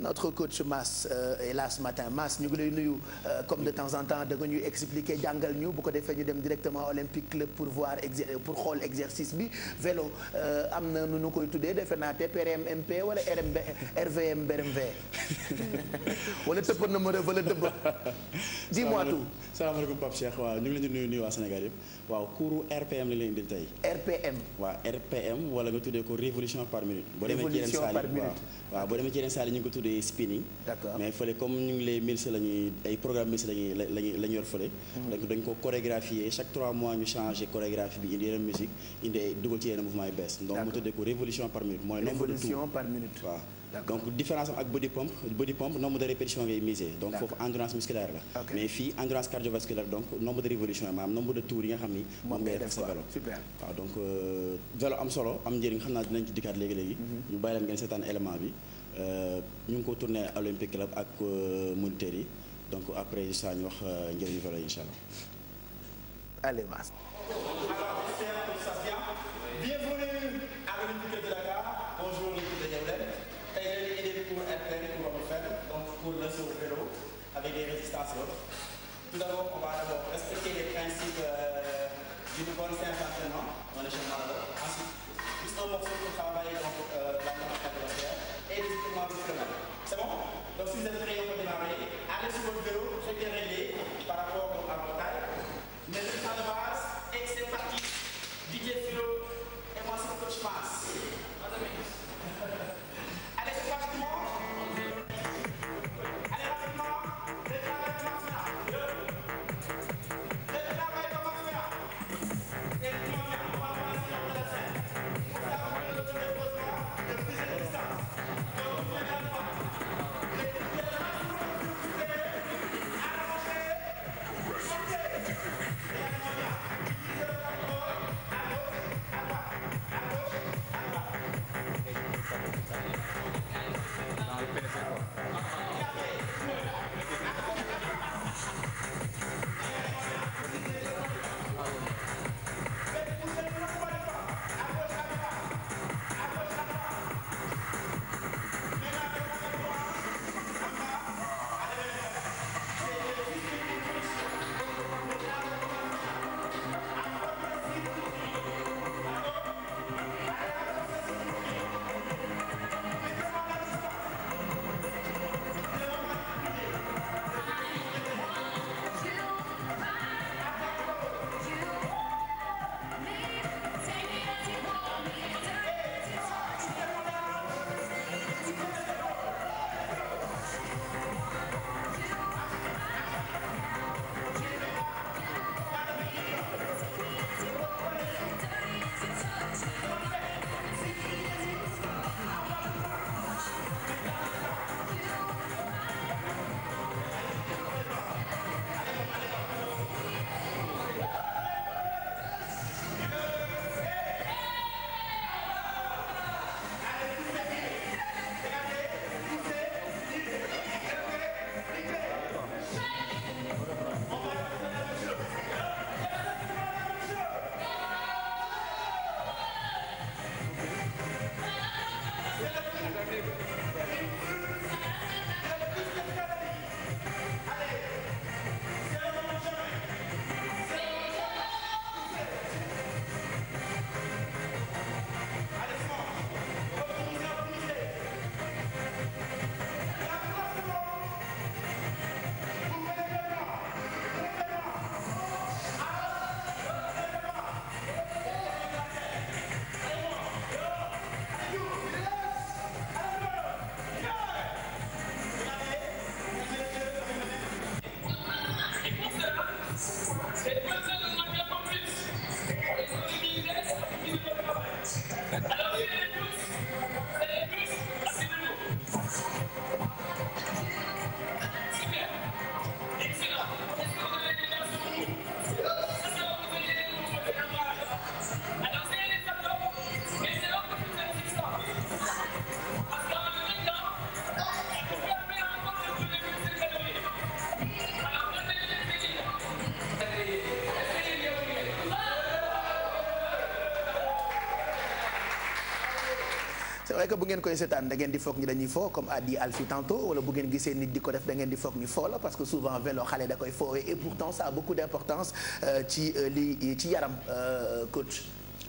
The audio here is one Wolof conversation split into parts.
notre coach Mass hélas euh, matin Mass ñu ngi lay nuyu euh, comme de temps en temps da nga ñuy expliquer jàngal ñu bu ko defee ñu dem directement Olympique Club pour voir pour xool exercice bi vélo euh, am na nu nu koy tuddee defe naa TPRMP wala RMB RVM BRMV wala tëpp na ma wala dëbb dis-moi tout. salaamaaleykum Pape Cheikh waaw ñu ngi leen di nuyu waa Sénégal yëpp waaw cours RPM la ñu leen indil tey. RPM. waaw RPM wala nga tuddee ko révolution par minute. révolution par minute boo tuddee spinning. d'accord mais fële comme ñu ngi lay ay programme milsi la yor fële. Mhm. donc ko chorégraphier chaque 3 mois ñu changé chorégraphie bi indi yeneen musique indi ay dugal ci yeneen mouvement yu bees. donc mu tuddee ko révolution par minute. mooy nombre de tours yi nga xam ni. moom ngay def sa vélo super. donc euh, vélo am solo am njëriñ xam naa dinañ ci dikkaat léegi léegi. Mhm. ñu bàyyi ngeen seetaan élément bi. Euh, ñu ngi ko tourné Olympic Club ak euh, Mauritanie donc après ça ñu wax euh, njëriñu vélo incha allah. allez Mass. alors Christian Safia. bienvenue à l'Olympique de Dakar bonjour l'équipe de Diablène tey dañuy indi pour être benn pour amul fenn pour le saut vélo avec des résistances et autres. tout d'abord on va d'abord respecter les principes d'une bonne séance d'entraînement on est chez Ensuite juste un morceau pour travailler donc la et l'instrument instrument C'est bon Donc si vous êtes prêts, on peut démarrer. Allez sur par rapport à votre taille. Mes résultats de base, et c'est parti. DJ Philo, que bu ngeen koy seetaan da ngeen di foog ñi dañuy foo comme a dit Alfie tantôt wala bu ngeen gisee nit di ko def da ngeen di foog ñu foo parce que souvent vélo xale da koy foowee et pourtant ça beaucoup d'importance euh, euh, ci yaram euh, coach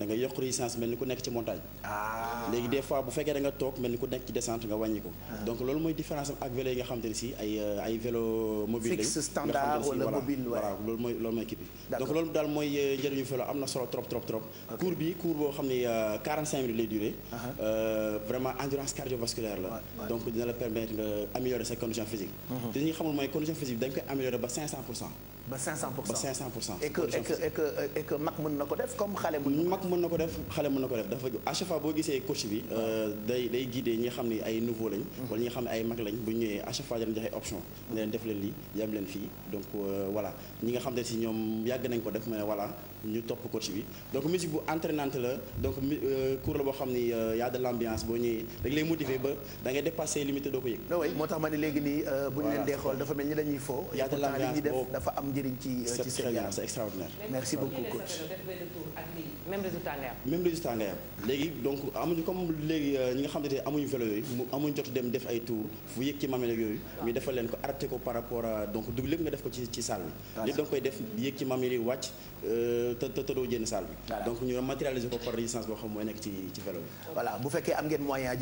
danga nga yokk résistance mel ni ku nekk ci montagne. Ah. léegi des bu fekkee da toog mel ni ku nekk ci descente nga wàññi ko. Ah. donc loolu mooy différence am ak vélo yi nga xamante ne si euh, ay vélo mobile lañ. fixe standard mooy loolu mooy kii euh, am na solo trop trop trop. cours bi cours boo xam ne euh, 45 minutes lay duré. Uh-huh. vraiment endurance cardiovasculaire la. donc dina la permettre nga améliorer sa condition physique. Uh-huh. te ñi xamul mooy condition physique dañ koy améliorer ba ba 500 mag mën na ko def comme xale. mën na ko def dafa à boo gisee coach bi euh, day day guider ñi nga xam ne ay nouveau lañ. Mm-hmm. wala ñi nga xam ne ay mag lañ bu ñëwee à chaque joxe option. ne mm-hmm. leen def leen lii yem leen fii donc euh, voilà ñi nga xam ne si ñoom yàgg nañ ko def mu ne ñu topp coach bi donc musique bu entraînante la donc mi euh, cours la boo xam ni y a boo ñëwee rek lay motiver ba da ngay dépasser limite doo ko yëg. waaw moo tax ma ni njëriñ ci euh, ci Sénégal c'est extraordinaire. merci beaucoup léegi donc amuñu comme léegi euh, ñi nga xam ne amuñu vélo yooyu mu amuñu jot dem def ay tour fu yëg ci mamel ak yooyu. ñu defal leen ko arrêté ko par rapport à donc du lépp ko ci ci salle bi. lépp da nga koy def yi wàcc euh, te te te doo génn salle bi. donc ñu matérialiser ko par résistance boo xam mooy nekk ci ci vélo bi. voilà bu fekkee am ngeen moyen